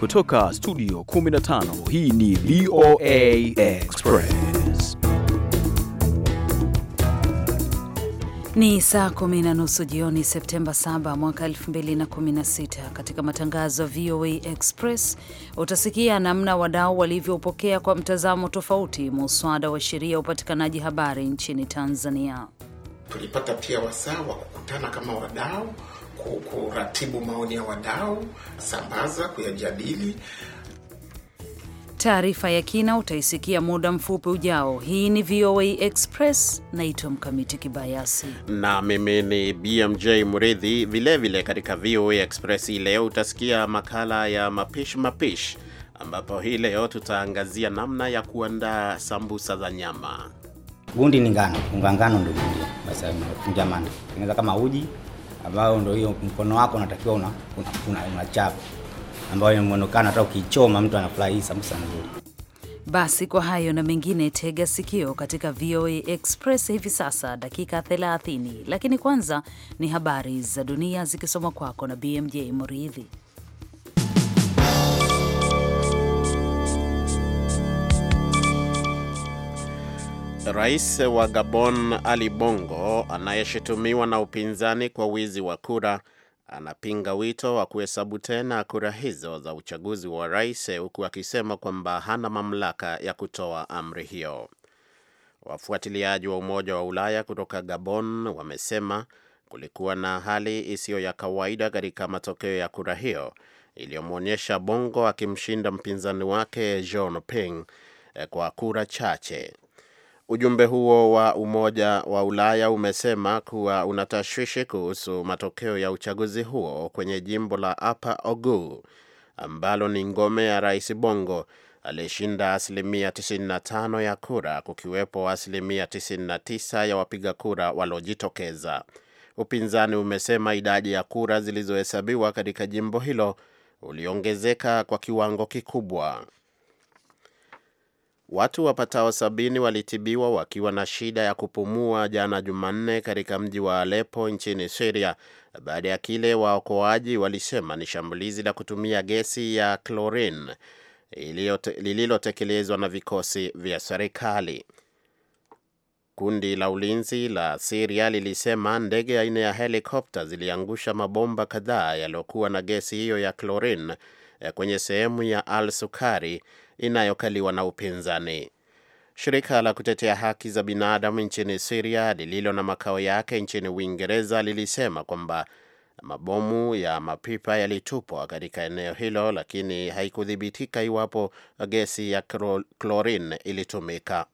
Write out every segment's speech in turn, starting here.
Kutoka studio 15 hii ni VOA Express. Ni saa kumi na nusu jioni Septemba 7 mwaka 2016. Katika matangazo ya VOA Express utasikia namna wadau walivyopokea kwa mtazamo tofauti muswada wa sheria upatikanaji habari nchini Tanzania. Tulipata pia wasaa wa kukutana kama wadau kuratibu maoni ya wadau, sambaza, kuyajadili. Taarifa ya kina utaisikia muda mfupi ujao. Hii ni VOA Express, naitwa Mkamiti Kibayasi na mimi ni BMJ mridhi Vilevile katika VOA Express hii leo utasikia makala ya mapishi mapishi, ambapo hii leo tutaangazia namna ya kuandaa sambusa za nyama. Gundi ni ngano, unga ngano ndio gundi. Basi tunakunja tengeneza kama uji ambayo ndio hiyo mkono wako unatakiwa una, una, una, una chapa ambayo imeonekana hata ukichoma mtu anafurahi sambusa nzuri. Basi kwa hayo na mengine, tega sikio katika VOA Express hivi sasa dakika 30, lakini kwanza ni habari za dunia zikisoma kwako na BMJ Muridhi. Rais wa Gabon Ali Bongo anayeshutumiwa na upinzani kwa wizi wa kura anapinga wito wa kuhesabu tena kura hizo za uchaguzi wa rais huku akisema kwamba hana mamlaka ya kutoa amri hiyo. Wafuatiliaji wa Umoja wa Ulaya kutoka Gabon wamesema kulikuwa na hali isiyo ya kawaida katika matokeo ya kura hiyo iliyomwonyesha Bongo akimshinda mpinzani wake Jean Ping eh, kwa kura chache. Ujumbe huo wa Umoja wa Ulaya umesema kuwa unatashwishi kuhusu matokeo ya uchaguzi huo kwenye jimbo la Upper ogu ambalo ni ngome ya Rais Bongo aliyeshinda asilimia 95 ya kura, kukiwepo asilimia 99 ya wapiga kura waliojitokeza. Upinzani umesema idadi ya kura zilizohesabiwa katika jimbo hilo uliongezeka kwa kiwango kikubwa. Watu wapatao sabini walitibiwa wakiwa na shida ya kupumua jana Jumanne katika mji wa Alepo nchini Siria baada ya kile waokoaji walisema ni shambulizi la kutumia gesi ya clorin lililotekelezwa na vikosi vya serikali. Kundi la ulinzi la Siria lilisema ndege aina ya helikopta ziliangusha mabomba kadhaa yaliyokuwa na gesi hiyo ya clorin Eh, kwenye sehemu ya Al Sukari inayokaliwa na upinzani. Shirika la kutetea haki za binadamu nchini Siria lililo na makao yake nchini Uingereza lilisema kwamba mabomu ya mapipa yalitupwa katika eneo hilo, lakini haikuthibitika iwapo gesi ya klorin ilitumika.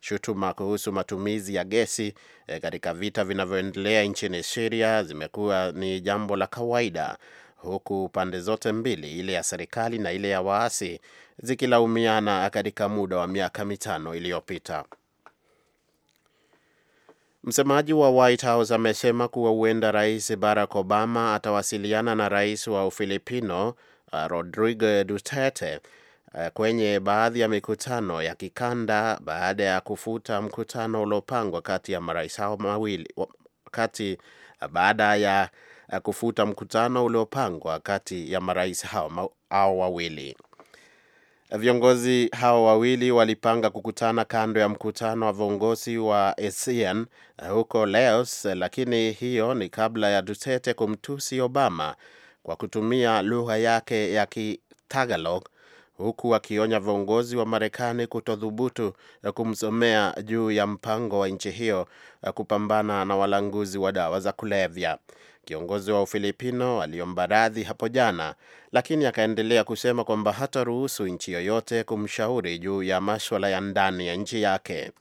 Shutuma kuhusu matumizi ya gesi eh, katika vita vinavyoendelea nchini Siria zimekuwa ni jambo la kawaida huku pande zote mbili, ile ya serikali na ile ya waasi, zikilaumiana katika muda wa miaka mitano iliyopita. Msemaji wa White House amesema kuwa huenda Rais Barack Obama atawasiliana na rais wa Ufilipino eh, Rodrigo Duterte eh, kwenye baadhi ya mikutano ya kikanda baada ya kufuta mkutano uliopangwa kati ya marais hao mawili kati eh, baada ya Eh, kufuta mkutano uliopangwa kati ya marais hao, hao wawili. Viongozi hao wawili walipanga kukutana kando ya mkutano wa viongozi wa ASEAN eh, huko Laos, lakini hiyo ni kabla ya Duterte kumtusi Obama kwa kutumia lugha yake ya Kitagalog huku akionya viongozi wa Marekani kutodhubutu eh, kumsomea juu ya mpango wa nchi hiyo eh, kupambana na walanguzi wa dawa za kulevya. Kiongozi wa Ufilipino aliomba radhi hapo jana, lakini akaendelea kusema kwamba hataruhusu nchi yoyote kumshauri juu ya maswala ya ndani ya nchi yake.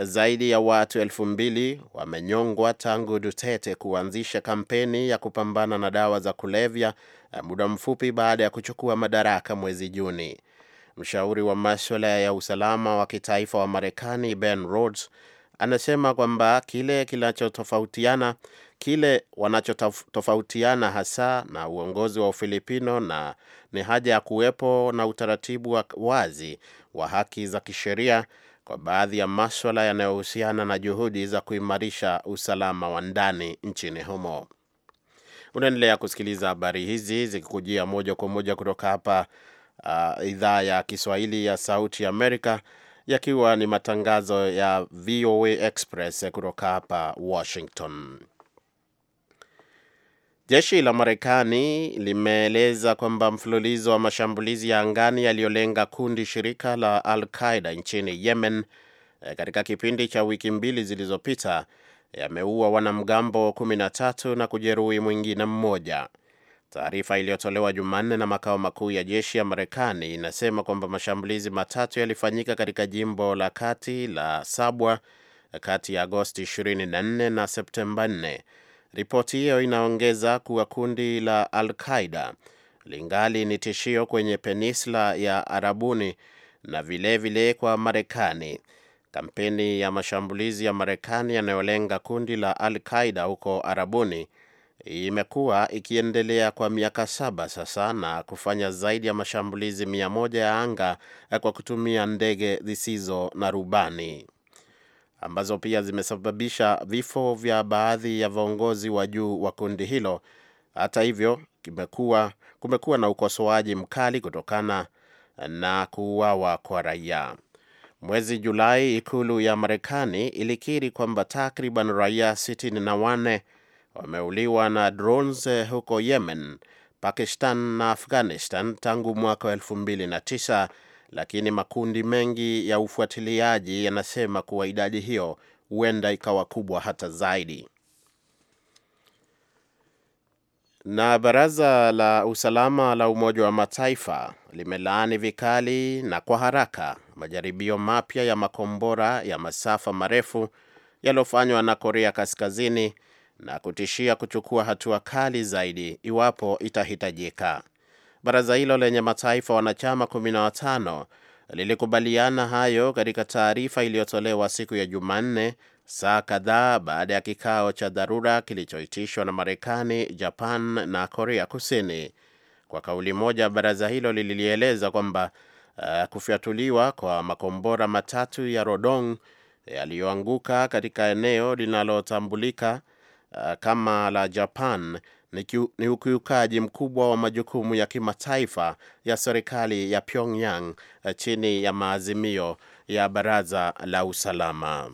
Zaidi ya watu elfu mbili wamenyongwa tangu Duterte kuanzisha kampeni ya kupambana na dawa za kulevya eh, muda mfupi baada ya kuchukua madaraka mwezi Juni. Mshauri wa maswala ya usalama wa kitaifa wa Marekani Ben Rhodes anasema kwamba kile kinachotofautiana kile wanachotofautiana hasa na uongozi wa Ufilipino na ni haja ya kuwepo na utaratibu wa wazi wa haki za kisheria kwa baadhi ya maswala yanayohusiana na juhudi za kuimarisha usalama wa ndani nchini humo. Unaendelea kusikiliza habari hizi zikikujia moja kwa moja kutoka hapa uh, idhaa ya Kiswahili ya Sauti Amerika, yakiwa ni matangazo ya VOA Express kutoka hapa Washington. Jeshi la Marekani limeeleza kwamba mfululizo wa mashambulizi ya angani yaliyolenga kundi shirika la Al Qaida nchini Yemen eh, katika kipindi cha wiki mbili zilizopita yameua wanamgambo 13 na kujeruhi mwingine mmoja. Taarifa iliyotolewa Jumanne na makao makuu ya jeshi ya Marekani inasema kwamba mashambulizi matatu yalifanyika katika jimbo la kati la Sabwa eh, kati ya Agosti 24 na Septemba 4 Ripoti hiyo inaongeza kuwa kundi la Al Qaida lingali ni tishio kwenye peninsula ya Arabuni na vilevile vile kwa Marekani. Kampeni ya mashambulizi ya Marekani yanayolenga kundi la Al Qaida huko Arabuni imekuwa ikiendelea kwa miaka saba sasa na kufanya zaidi ya mashambulizi mia moja ya anga kwa kutumia ndege zisizo na rubani ambazo pia zimesababisha vifo vya baadhi ya viongozi wa juu wa kundi hilo. Hata hivyo, kimekuwa kumekuwa na ukosoaji mkali kutokana na kuuawa kwa raia. Mwezi Julai, ikulu ya Marekani ilikiri kwamba takriban raia sitini na wanne wameuliwa na drones huko Yemen, Pakistan na Afghanistan tangu mwaka wa elfu mbili na tisa lakini makundi mengi ya ufuatiliaji yanasema kuwa idadi hiyo huenda ikawa kubwa hata zaidi. Na baraza la usalama la Umoja wa Mataifa limelaani vikali na kwa haraka majaribio mapya ya makombora ya masafa marefu yaliyofanywa na Korea Kaskazini na kutishia kuchukua hatua kali zaidi iwapo itahitajika. Baraza hilo lenye mataifa wanachama 15 lilikubaliana hayo katika taarifa iliyotolewa siku ya Jumanne, saa kadhaa baada ya kikao cha dharura kilichoitishwa na Marekani, Japan na Korea Kusini. Kwa kauli moja, baraza hilo lilieleza kwamba uh, kufyatuliwa kwa makombora matatu ya Rodong yaliyoanguka katika eneo linalotambulika uh, kama la Japan ni ukiukaji mkubwa wa majukumu ya kimataifa ya serikali ya Pyongyang eh, chini ya maazimio ya Baraza la Usalama.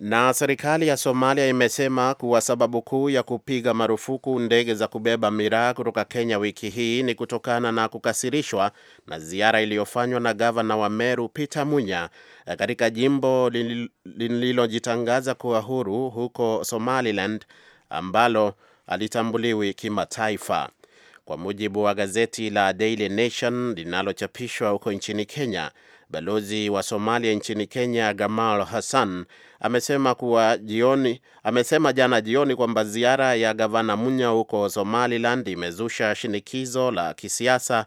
Na serikali ya Somalia imesema kuwa sababu kuu ya kupiga marufuku ndege za kubeba miraa kutoka Kenya wiki hii ni kutokana na kukasirishwa na ziara iliyofanywa na gavana wa Meru Peter Munya eh, katika jimbo lililojitangaza kuwa huru huko Somaliland ambalo alitambuliwi kimataifa. Kwa mujibu wa gazeti la Daily Nation linalochapishwa huko nchini Kenya, balozi wa Somalia nchini Kenya Gamal Hassan amesema kuwa jioni, amesema jana jioni kwamba ziara ya gavana Munya huko Somaliland imezusha shinikizo la kisiasa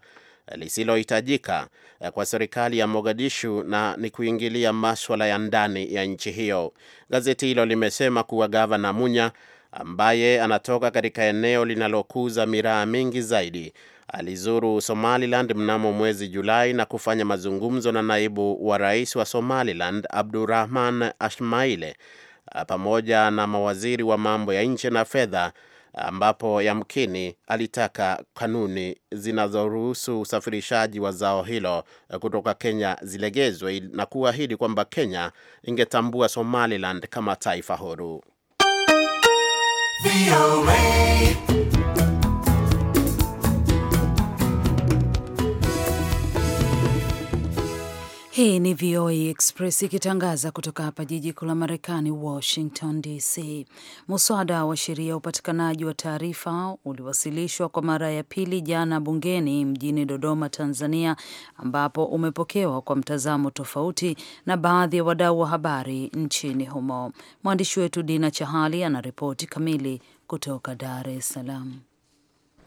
lisilohitajika kwa serikali ya Mogadishu na ni kuingilia maswala ya ndani ya nchi hiyo. Gazeti hilo limesema kuwa gavana Munya ambaye anatoka katika eneo linalokuza miraa mingi zaidi alizuru Somaliland mnamo mwezi Julai na kufanya mazungumzo na naibu wa rais wa Somaliland Abdurahman Ashmaile ah, pamoja na mawaziri wa mambo ya nje na fedha, ambapo yamkini alitaka kanuni zinazoruhusu usafirishaji wa zao hilo ah, kutoka Kenya zilegezwe na kuahidi kwamba Kenya ingetambua Somaliland kama taifa huru. VOA. Hii ni VOA e Express ikitangaza kutoka hapa jiji kuu la Marekani, Washington DC. Muswada wa sheria ya upatikanaji wa taarifa uliwasilishwa kwa mara ya pili jana bungeni mjini Dodoma, Tanzania, ambapo umepokewa kwa mtazamo tofauti na baadhi ya wadau wa habari nchini humo. Mwandishi wetu Dina Chahali anaripoti kamili kutoka Dar es Salaam.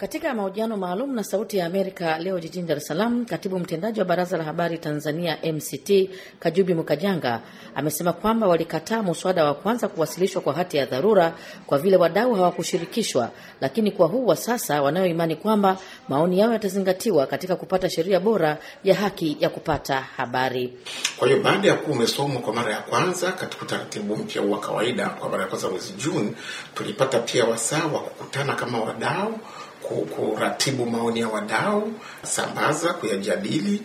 Katika mahojiano maalum na Sauti ya Amerika leo jijini Dar es Salaam, katibu mtendaji wa Baraza la Habari Tanzania MCT Kajubi Mukajanga amesema kwamba walikataa muswada wa kwanza kuwasilishwa kwa hati ya dharura kwa vile wadau hawakushirikishwa, lakini kwa huu wa sasa wanayoimani kwamba maoni yao yatazingatiwa katika kupata sheria bora ya haki ya kupata habari. Kwa hiyo baada ya kuwa umesomwa kwa mara ya kwanza katika utaratibu mpya wa kawaida kwa mara ya kwanza mwezi Juni, tulipata pia wasaa wa kukutana kama wadau kuratibu maoni ya wadau, sambaza, kuyajadili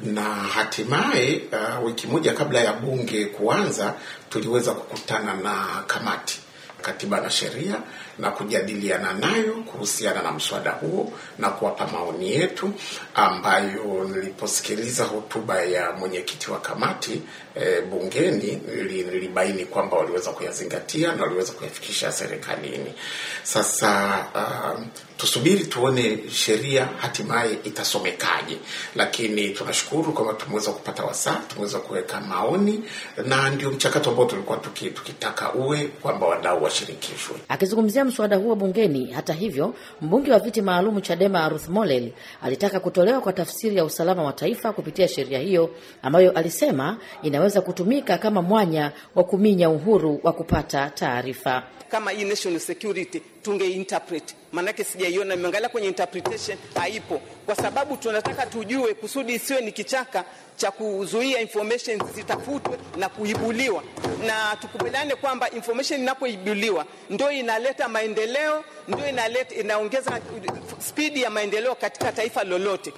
na hatimaye uh, wiki moja kabla ya bunge kuanza tuliweza kukutana na kamati katiba na sheria na kujadiliana nayo kuhusiana na mswada huo na kuwapa maoni yetu, ambayo niliposikiliza hotuba ya mwenyekiti wa kamati e, bungeni nilibaini kwamba waliweza kuyazingatia na waliweza kuyafikisha serikalini. Sasa uh, tusubiri tuone sheria hatimaye itasomekaje, lakini tunashukuru kwamba tumeweza kupata wasaa, tumeweza kuweka maoni na ndio mchakato ambao tulikuwa tukitaka uwe kwamba wadau washirikishwe. Akizungumzia mswada huo bungeni. Hata hivyo, mbunge wa viti maalum Chadema Ruth molel alitaka kutolewa kwa tafsiri ya usalama wa taifa kupitia sheria hiyo ambayo alisema inaweza kutumika kama mwanya wa kuminya uhuru wa kupata taarifa. Kama hii national security tunge tungeinterpret, maanake sijaiona, nimeangalia kwenye interpretation haipo, kwa sababu tunataka tujue kusudi isiwe ni kichaka cha kuzuia information zitafutwe na kuibuliwa, na tukubaliane kwamba information inapoibuliwa ndio inaleta maendeleo, ndio inaleta, inaongeza spidi ya maendeleo katika taifa lolote.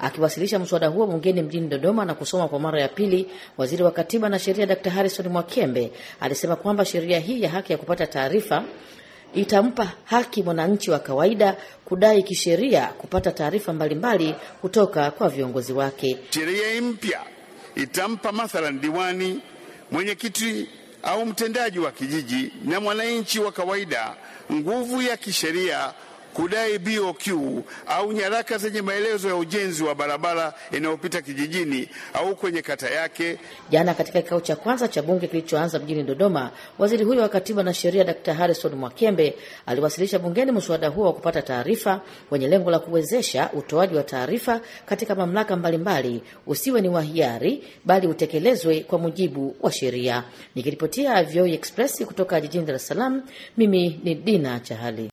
Akiwasilisha mswada huo bungeni mjini Dodoma na kusoma kwa mara ya pili, waziri wa katiba na sheria Dr. Harrison Mwakembe alisema kwamba sheria hii ya haki ya kupata taarifa itampa haki mwananchi wa kawaida kudai kisheria kupata taarifa mbalimbali kutoka kwa viongozi wake. Sheria mpya itampa mathalan diwani, mwenyekiti au mtendaji wa kijiji na mwananchi wa kawaida nguvu ya kisheria kudai BOQ au nyaraka zenye maelezo ya ujenzi wa barabara inayopita kijijini au kwenye kata yake. Jana katika kikao cha kwanza cha bunge kilichoanza mjini Dodoma, waziri huyo wa katiba na sheria Dr. Harrison Mwakembe aliwasilisha bungeni mswada huo wa kupata taarifa wenye lengo la kuwezesha utoaji wa taarifa katika mamlaka mbalimbali usiwe ni wahiari bali utekelezwe kwa mujibu wa sheria. Nikiripotia VOA e Express kutoka jijini Dar es Salaam, mimi ni Dina Chahali.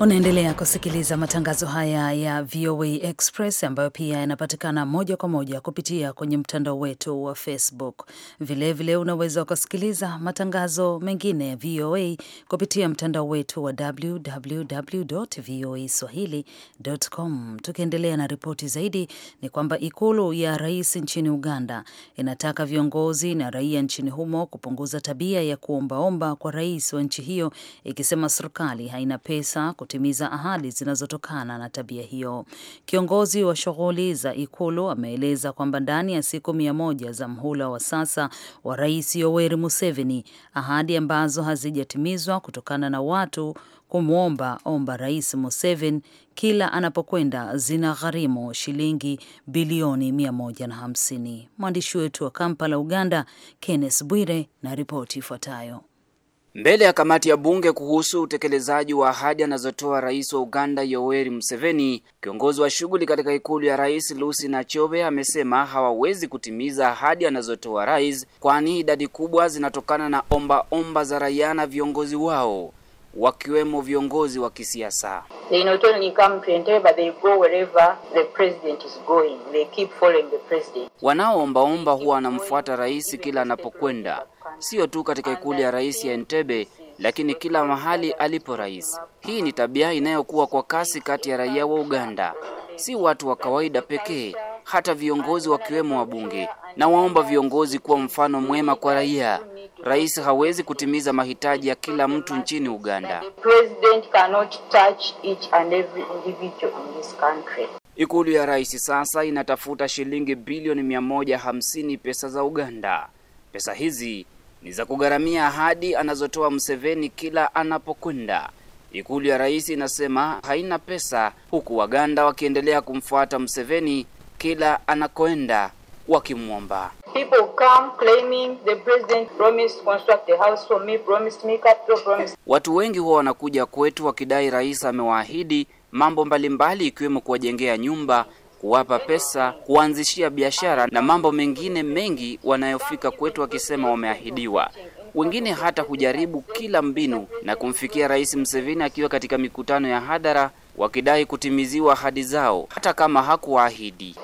Unaendelea kusikiliza matangazo haya ya VOA Express ambayo pia yanapatikana moja kwa moja kupitia kwenye mtandao wetu wa Facebook. Vilevile vile unaweza ukasikiliza matangazo mengine ya VOA kupitia mtandao wetu wa www voa swahili.com. Tukiendelea na ripoti zaidi, ni kwamba ikulu ya rais nchini Uganda inataka viongozi na raia nchini humo kupunguza tabia ya kuombaomba kwa rais wa nchi hiyo, ikisema serikali haina pesa kutimiza ahadi zinazotokana na tabia hiyo. Kiongozi wa shughuli za Ikulu ameeleza kwamba ndani ya siku mia moja za mhula wa sasa wa Rais Yoweri Museveni, ahadi ambazo hazijatimizwa kutokana na watu kumwomba omba Rais Museveni kila anapokwenda zina gharimu shilingi bilioni 150. Mwandishi wetu wa Kampala, Uganda, Kenneth Bwire na ripoti ifuatayo mbele ya kamati ya bunge kuhusu utekelezaji wa ahadi anazotoa rais wa Uganda Yoweri Museveni. Kiongozi wa shughuli katika ikulu ya rais Lucy Nachobe amesema hawawezi kutimiza ahadi anazotoa rais, kwani idadi kubwa zinatokana na omba omba za raia na viongozi wao wakiwemo viongozi wa kisiasa. Wanaoombaomba huwa wanamfuata rais kila anapokwenda, sio tu katika ikulu ya rais ya Entebbe, lakini kila mahali alipo rais. Hii ni tabia inayokuwa kwa kasi kati ya raia wa Uganda, si watu wa kawaida pekee, hata viongozi wakiwemo wabunge. Nawaomba viongozi kuwa mfano mwema kwa raia rais hawezi kutimiza mahitaji ya kila mtu nchini Uganda. Ikulu ya rais sasa inatafuta shilingi bilioni 150 pesa za Uganda. Pesa hizi ni za kugharamia ahadi anazotoa Museveni kila anapokwenda. Ikulu ya rais inasema haina pesa, huku Waganda wakiendelea kumfuata Museveni kila anakoenda wakimwomba watu wengi huwa wanakuja kwetu wakidai rais amewaahidi mambo mbalimbali ikiwemo kuwajengea nyumba, kuwapa pesa, kuanzishia biashara na mambo mengine mengi wanayofika kwetu wakisema wameahidiwa. Wengine hata hujaribu kila mbinu na kumfikia Rais Museveni akiwa katika mikutano ya hadhara wakidai kutimiziwa ahadi zao hata kama hakuahidi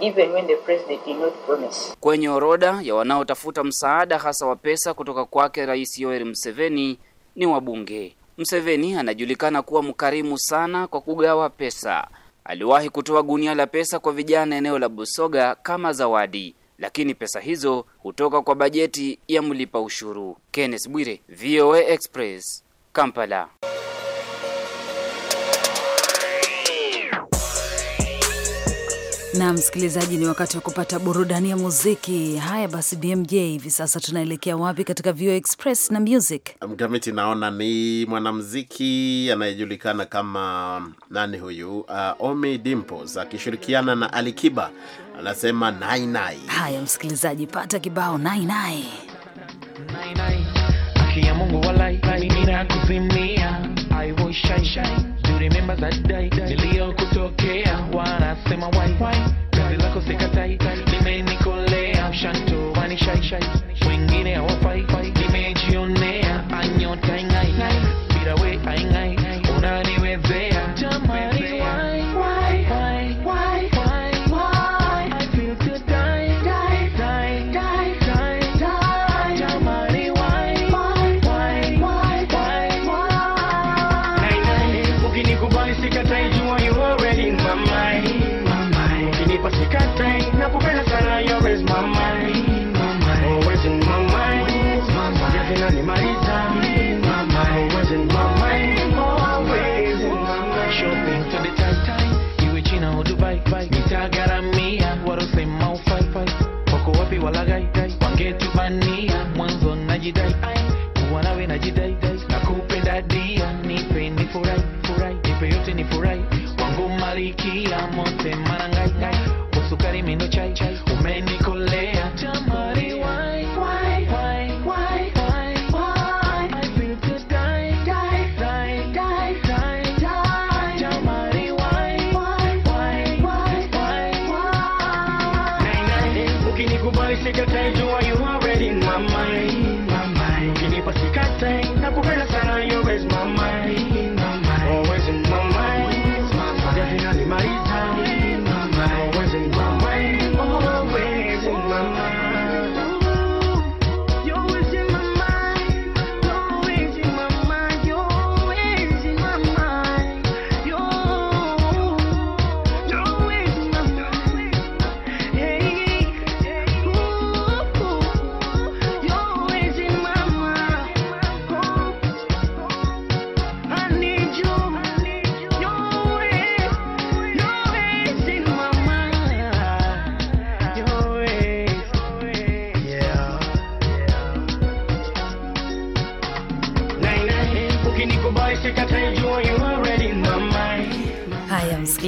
Kwenye orodha ya wanaotafuta msaada hasa wa pesa kutoka kwake Rais Yoweri Museveni ni wabunge. Museveni anajulikana kuwa mkarimu sana kwa kugawa pesa. Aliwahi kutoa gunia la pesa kwa vijana eneo la Busoga kama zawadi, lakini pesa hizo hutoka kwa bajeti ya mlipa ushuru. Kenneth Bwire, VOA Express, Kampala. na msikilizaji, ni wakati wa kupata burudani ya muziki. Haya basi, BMJ, hivi sasa tunaelekea wapi katika Vio Express na music? Mkamiti, naona ni mwanamziki anayejulikana kama nani huyu, uh, Omi Dimpos akishirikiana na Alikiba anasema nai nai. Haya msikilizaji, pata kibao nai nai nai nai, remember that day niliyokutokea, wanasema wai, kazi lako sikatai mara ngai ngai usukari mino chai chai umenikollea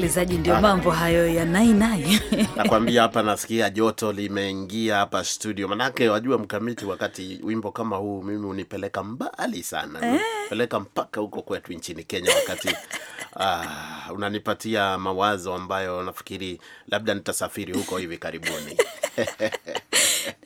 msikilizaji, ndio mambo hayo ya nai nai. Nakwambia hapa nasikia joto limeingia hapa studio, manake wajua mkamiti, wakati wimbo kama huu mimi unipeleka mbali sana, eh? peleka mpaka huko kwetu nchini Kenya wakati ah, unanipatia mawazo ambayo nafikiri labda nitasafiri huko hivi karibuni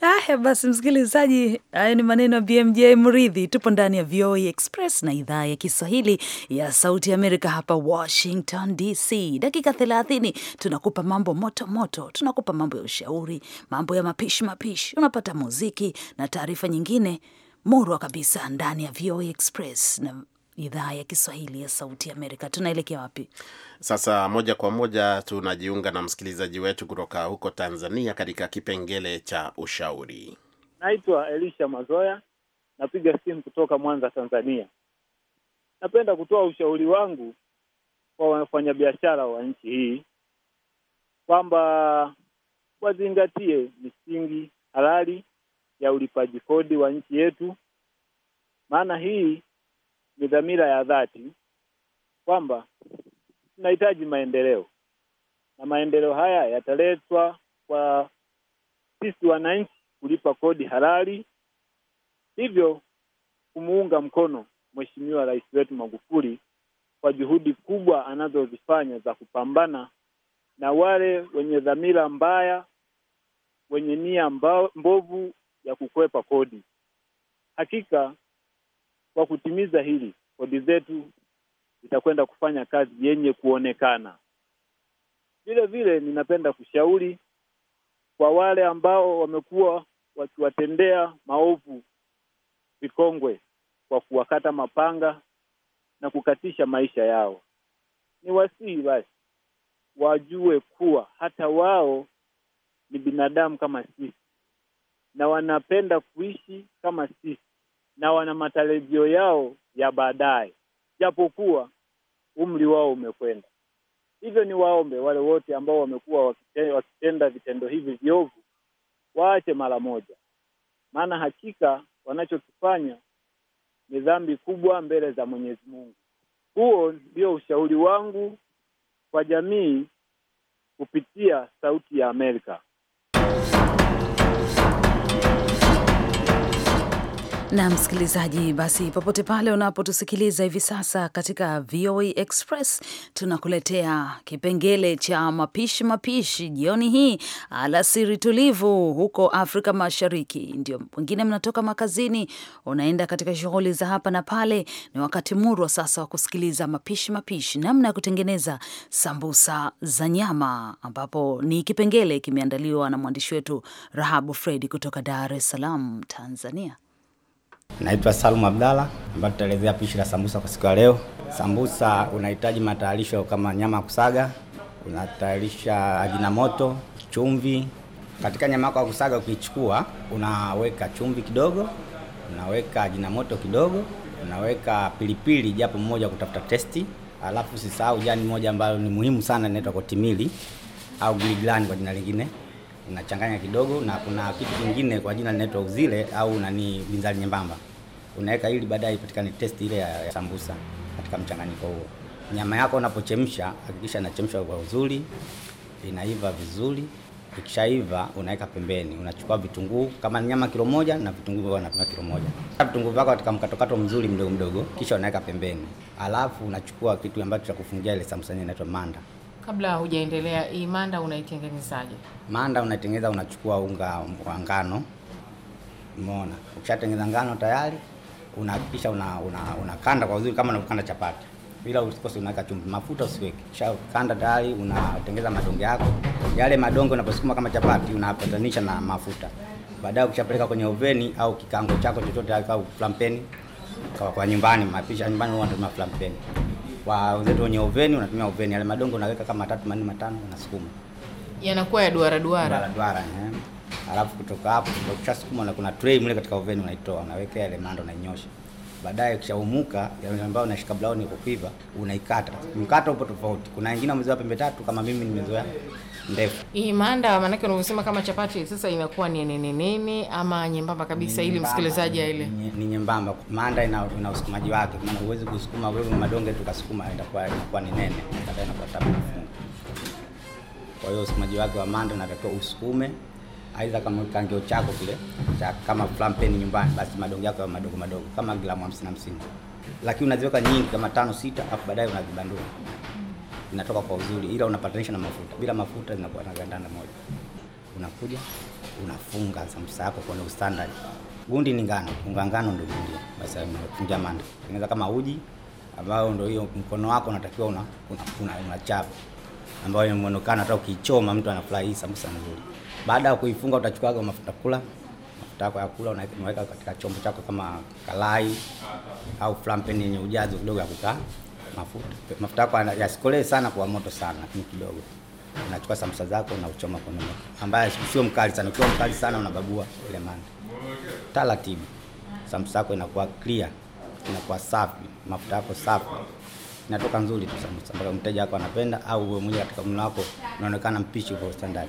Haya basi, msikilizaji, hayo ni maneno ya BMJ Mridhi. Tupo ndani ya VOA e Express na idhaa ya Kiswahili ya Sauti Amerika hapa Washington DC. Dakika 30 tunakupa mambo moto moto, tunakupa mambo ya ushauri, mambo ya mapishi mapishi, unapata muziki na taarifa nyingine murwa kabisa ndani ya VOA e Express na idhaa ya Kiswahili ya Sauti ya Amerika. Tunaelekea wapi sasa? Moja kwa moja tunajiunga na msikilizaji wetu kutoka huko Tanzania katika kipengele cha ushauri. Naitwa Elisha Mazoya, napiga simu kutoka Mwanza, Tanzania. Napenda kutoa ushauri wangu kwa wafanyabiashara wa nchi hii kwamba wazingatie misingi halali ya ulipaji kodi wa nchi yetu, maana hii ni dhamira ya dhati kwamba tunahitaji maendeleo na maendeleo haya yataletwa kwa sisi wananchi kulipa kodi halali, hivyo kumuunga mkono Mheshimiwa Rais wetu Magufuli kwa juhudi kubwa anazozifanya za kupambana na wale wenye dhamira mbaya, wenye nia mbovu ya kukwepa kodi. Hakika kwa kutimiza hili, kodi zetu zitakwenda kufanya kazi yenye kuonekana. Vile vile, ninapenda kushauri kwa wale ambao wamekuwa wakiwatendea maovu vikongwe kwa kuwakata mapanga na kukatisha maisha yao, ni wasihi basi wajue kuwa hata wao ni binadamu kama sisi na wanapenda kuishi kama sisi na wana matarajio yao ya baadaye, japokuwa umri wao umekwenda. Hivyo ni waombe wale wote ambao wamekuwa wakitenda vitendo hivi viovu waache mara moja, maana hakika wanachokifanya ni dhambi kubwa mbele za Mwenyezi Mungu. Huo ndio ushauri wangu kwa jamii kupitia Sauti ya Amerika na msikilizaji, basi popote pale unapotusikiliza hivi sasa katika VOA Express, tunakuletea kipengele cha mapishi mapishi jioni hii alasiri tulivu huko Afrika Mashariki. Ndio wengine mnatoka makazini, unaenda katika shughuli za hapa na pale, ni wakati murwa sasa wa kusikiliza mapishi mapishi, namna ya kutengeneza sambusa za nyama, ambapo ni kipengele kimeandaliwa na mwandishi wetu Rahabu Fredi kutoka Dar es Salaam, Tanzania. Naitwa Salum Abdalla ambaye tutaelezea pishi la sambusa kwa siku ya leo. Sambusa unahitaji matayarisho kama nyama ya kusaga, unatayarisha ajina moto, chumvi. Katika nyama yako ya kusaga ukichukua, unaweka chumvi kidogo, unaweka ajina moto kidogo, unaweka pilipili japo mmoja kutafuta testi, alafu usisahau jani moja ambalo ni muhimu sana, inaitwa kotimili au giligilani kwa jina lingine unachanganya kidogo, na kuna kitu kingine kwa jina linaitwa uzile au nani, binzari nyembamba unaweka ili baadaye ipatikane test ile ya ya sambusa. Katika mchanganyiko huo, nyama yako unapochemsha, hakikisha inachemshwa kwa uzuri, inaiva vizuri. Ikishaiva unaweka pembeni, unachukua vitunguu kama nyama kilo moja na vitunguu vyako unapima kilo moja, vitunguu vyako katika mkatokato mzuri mdogo mdogo, kisha unaweka pembeni, alafu unachukua kitu ambacho cha kufungia ile sambusa inaitwa manda. Kabla hujaendelea, hii manda unaitengenezaje? Manda unaitengeneza, unachukua unga wa ngano, umeona. Ukishatengeneza ngano tayari, unahakikisha unakanda una, una kwa uzuri kama unakanda chapati, bila usikose, unaweka chumvi, mafuta usiweke. Ukishakanda tayari, unatengeneza madonge yako yale. Madonge unaposukuma kama chapati, unapatanisha na mafuta. Baadaye ukishapeleka kwenye oveni au kikango chako chochote au flampeni kwa, kwa nyumbani, mapisha nyumbani huwa ndio maflampeni kwa wenzetu wenye oveni, unatumia oveni yale madongo unaweka kama matatu manne matano, unasukuma yanakuwa ya duara duara duara duara eh. Alafu kutoka hapo ukisha sukuma na kuna tray mle katika oveni unaitoa, unaweka yale mando unainyosha. Baadaye ukishaumuka yale ambayo unashika brown iko kuiva, unaikata. Mkata upo tofauti. Kuna wengine wamezoea pembe tatu kama mimi nimezoea ndefu. Hii Imanda maanake unavyosema kama chapati sasa inakuwa ni nini nini ama nyembamba kabisa, ili msikilizaji aile ni nyembamba. Manda ina, ina usukumaji wake, maana huwezi kusukuma wewe madonge tukasukuma, itakuwa itakuwa ni nene, hata inakuwa tabu kufunga. Kwa hiyo usukumaji wake wa manda unatakiwa usukume, aidha kama kangio chako kile cha kama flampeni nyumbani, basi madonge yako ya madogo madogo kama gramu 50 50, lakini unaziweka nyingi kama tano sita, afu baadaye unazibandua inatoka kwa uzuri, ila unapatanisha na mafuta. Bila mafuta zinakuwa na gandanda moja. Unakuja unafunga samsa yako kwa low standard. Gundi ni ngano, unga ngano ndio gundi. Basi um, unafunga manda, inaweza kama uji ambao ndio hiyo, mkono wako unatakiwa una una, una una chapa ambayo inaonekana hata ukichoma mtu anafurahi samsa nzuri. Baada ya kuifunga, utachukua kwa mafuta kula mafuta yako ya kula unaweka katika chombo chako kama kalai au flampeni yenye ujazo kidogo ya kukaa mafuta. Mafuta yako yasikolee sana kwa moto sana, ni kidogo. Unachukua samsa zako uchoma kwa moto ambaye sio mkali sana. Ukiwa mkali sana unababua ile manda. Taratibu samsa yako inakuwa clear, inakuwa safi, mafuta yako safi, inatoka nzuri tu samsa mpaka mteja wako anapenda, au wewe mwenyewe katika mlo wako unaonekana mpishi kwa standard.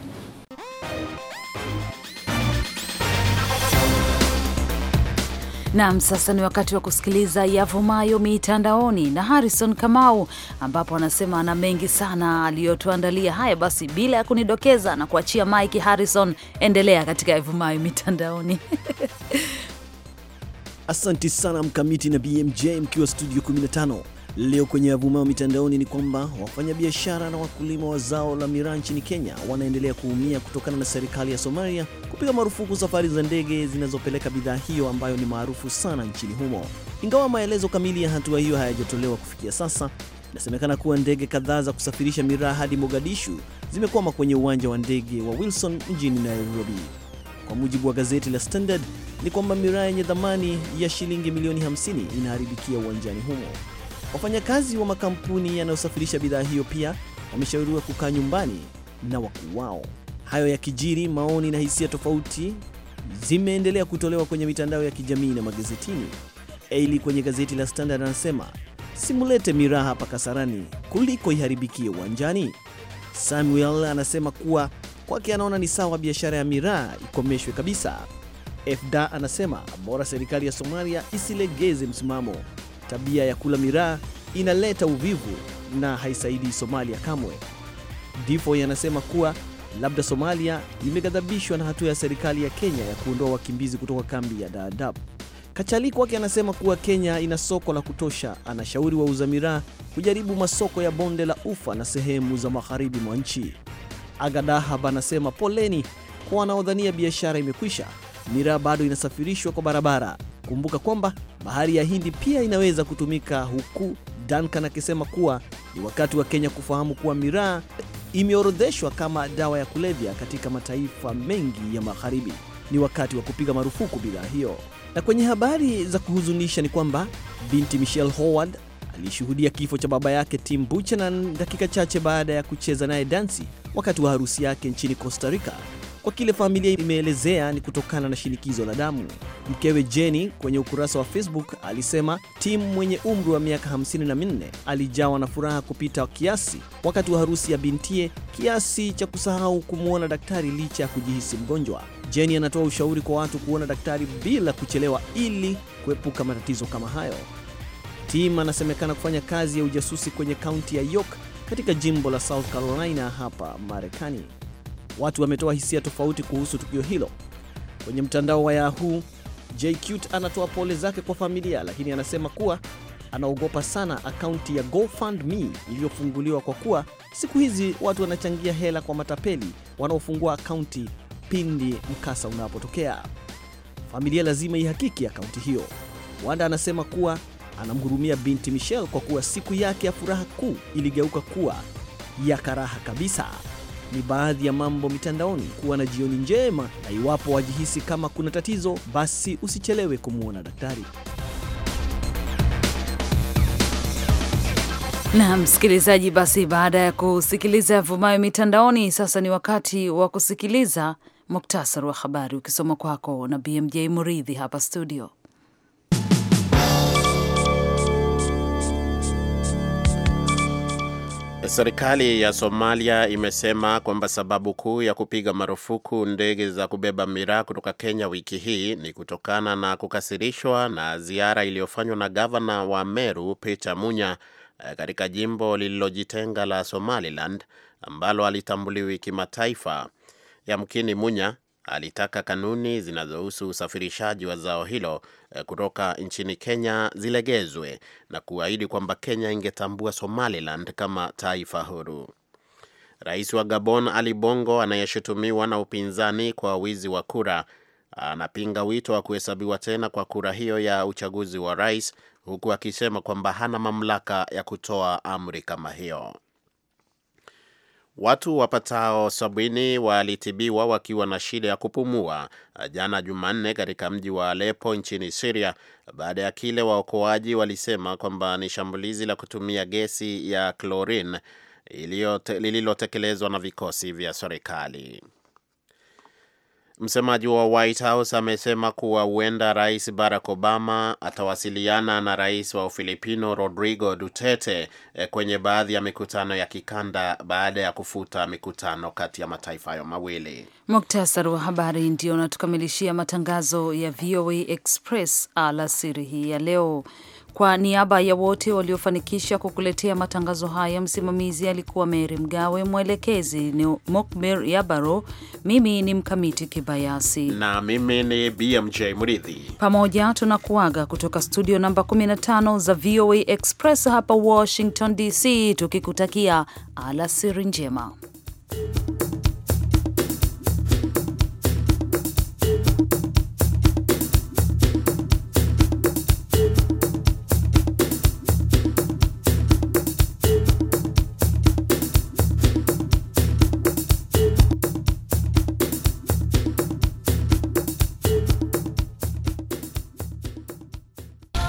Nam, sasa ni wakati wa kusikiliza yavumayo mitandaoni na Harrison Kamau, ambapo anasema ana mengi sana aliyotuandalia. Haya basi, bila ya kunidokeza na kuachia mike, Harrison, endelea katika yavumayo mitandaoni. Asanti sana Mkamiti na BMJ mkiwa studio 15. Leo kwenye avumao mitandaoni ni kwamba wafanyabiashara na wakulima wa zao la miraa nchini Kenya wanaendelea kuumia kutokana na serikali ya Somalia kupiga marufuku safari za ndege zinazopeleka bidhaa hiyo ambayo ni maarufu sana nchini humo. Ingawa maelezo kamili ya hatua hiyo hayajatolewa kufikia sasa, inasemekana kuwa ndege kadhaa za kusafirisha miraa hadi Mogadishu zimekwama kwenye uwanja wa ndege wa Wilson mjini Nairobi. Kwa mujibu wa gazeti la Standard ni kwamba miraa yenye thamani ya shilingi milioni 50 inaharibikia uwanjani humo. Wafanyakazi wa makampuni yanayosafirisha bidhaa hiyo pia wameshauriwa kukaa nyumbani na wakuu wao. Hayo yakijiri, maoni na hisia tofauti zimeendelea kutolewa kwenye mitandao ya kijamii na magazetini. Eli kwenye gazeti la Standard anasema simulete miraha kasarani kuliko iharibikie uwanjani. Samuel anasema kuwa kwake anaona ni sawa biashara ya miraha ikomeshwe kabisa. Fda anasema bora serikali ya Somalia isilegeze msimamo Tabia ya kula miraa inaleta uvivu na haisaidii Somalia kamwe. Difoe anasema kuwa labda Somalia imeghadhabishwa na hatua ya serikali ya Kenya ya kuondoa wakimbizi kutoka kambi ya Dadaab. Kachali kwake anasema kuwa Kenya ina soko la kutosha. Anashauri wauza miraa kujaribu masoko ya bonde la Ufa na sehemu za magharibi mwa nchi. Agadahab anasema poleni kwa wanaodhania biashara imekwisha miraa bado inasafirishwa kwa barabara. Kumbuka kwamba bahari ya Hindi pia inaweza kutumika, huku Duncan akisema kuwa ni wakati wa Kenya kufahamu kuwa miraa imeorodheshwa kama dawa ya kulevya katika mataifa mengi ya magharibi. Ni wakati wa kupiga marufuku bidhaa hiyo. Na kwenye habari za kuhuzunisha ni kwamba binti Michelle Howard alishuhudia kifo cha baba yake Tim Buchanan dakika chache baada ya kucheza naye dansi wakati wa harusi yake nchini Costa Rica kwa kile familia imeelezea ni kutokana na shinikizo la damu. Mkewe Jeni kwenye ukurasa wa Facebook alisema Tim mwenye umri wa miaka 54 alijawa na furaha kupita kiasi wakati wa harusi ya bintie kiasi cha kusahau kumwona daktari licha ya kujihisi mgonjwa. Jeni anatoa ushauri kwa watu kuona daktari bila kuchelewa ili kuepuka matatizo kama hayo. Tim anasemekana kufanya kazi ya ujasusi kwenye kaunti ya York katika jimbo la South Carolina hapa Marekani. Watu wametoa hisia tofauti kuhusu tukio hilo. Kwenye mtandao wa Yahoo, Jcute anatoa pole zake kwa familia, lakini anasema kuwa anaogopa sana akaunti ya GoFundMe iliyofunguliwa kwa kuwa siku hizi watu wanachangia hela kwa matapeli wanaofungua akaunti pindi mkasa unapotokea. Familia lazima ihakiki akaunti hiyo. Wanda anasema kuwa anamhurumia binti Michelle kwa kuwa siku yake ya furaha kuu iligeuka kuwa ya karaha kabisa ni baadhi ya mambo mitandaoni. Kuwa na jioni njema, na iwapo wajihisi kama kuna tatizo, basi usichelewe kumwona daktari. Na msikilizaji, basi baada ya kusikiliza yavumayo mitandaoni, sasa ni wakati wa kusikiliza muktasari wa habari ukisoma kwako na BMJ Muridhi hapa studio. Serikali ya Somalia imesema kwamba sababu kuu ya kupiga marufuku ndege za kubeba miraa kutoka Kenya wiki hii ni kutokana na kukasirishwa na ziara iliyofanywa na gavana wa Meru Peter Munya eh, katika jimbo lililojitenga la Somaliland ambalo halitambuliwi kimataifa. Yamkini Munya alitaka kanuni zinazohusu usafirishaji wa zao hilo eh, kutoka nchini Kenya zilegezwe na kuahidi kwamba Kenya ingetambua Somaliland kama taifa huru. Rais wa Gabon Ali Bongo anayeshutumiwa na upinzani kwa wizi wa kura anapinga wito wa kuhesabiwa tena kwa kura hiyo ya uchaguzi wa rais huku akisema kwamba hana mamlaka ya kutoa amri kama hiyo. Watu wapatao sabini walitibiwa wakiwa na shida ya kupumua ah, jana Jumanne katika mji wa alepo nchini siria baada ya kile waokoaji walisema kwamba ni shambulizi la kutumia gesi ya chlorine lililotekelezwa na vikosi vya serikali. Msemaji wa White House amesema kuwa huenda Rais Barack Obama atawasiliana na rais wa Ufilipino Rodrigo Duterte eh, kwenye baadhi ya mikutano ya kikanda baada ya kufuta mikutano kati ya mataifa hayo mawili. Muktasari wa habari ndio unatukamilishia matangazo ya VOA Express alasiri hii ya leo. Kwa niaba ya wote waliofanikisha kukuletea matangazo haya, msimamizi alikuwa Meri Mgawe, mwelekezi ni Mokmer Yabaro, mimi ni Mkamiti Kibayasi na mimi ni BMJ Mridhi. Pamoja tunakuaga kutoka studio namba 15 za VOA Express hapa Washington DC, tukikutakia alasiri njema.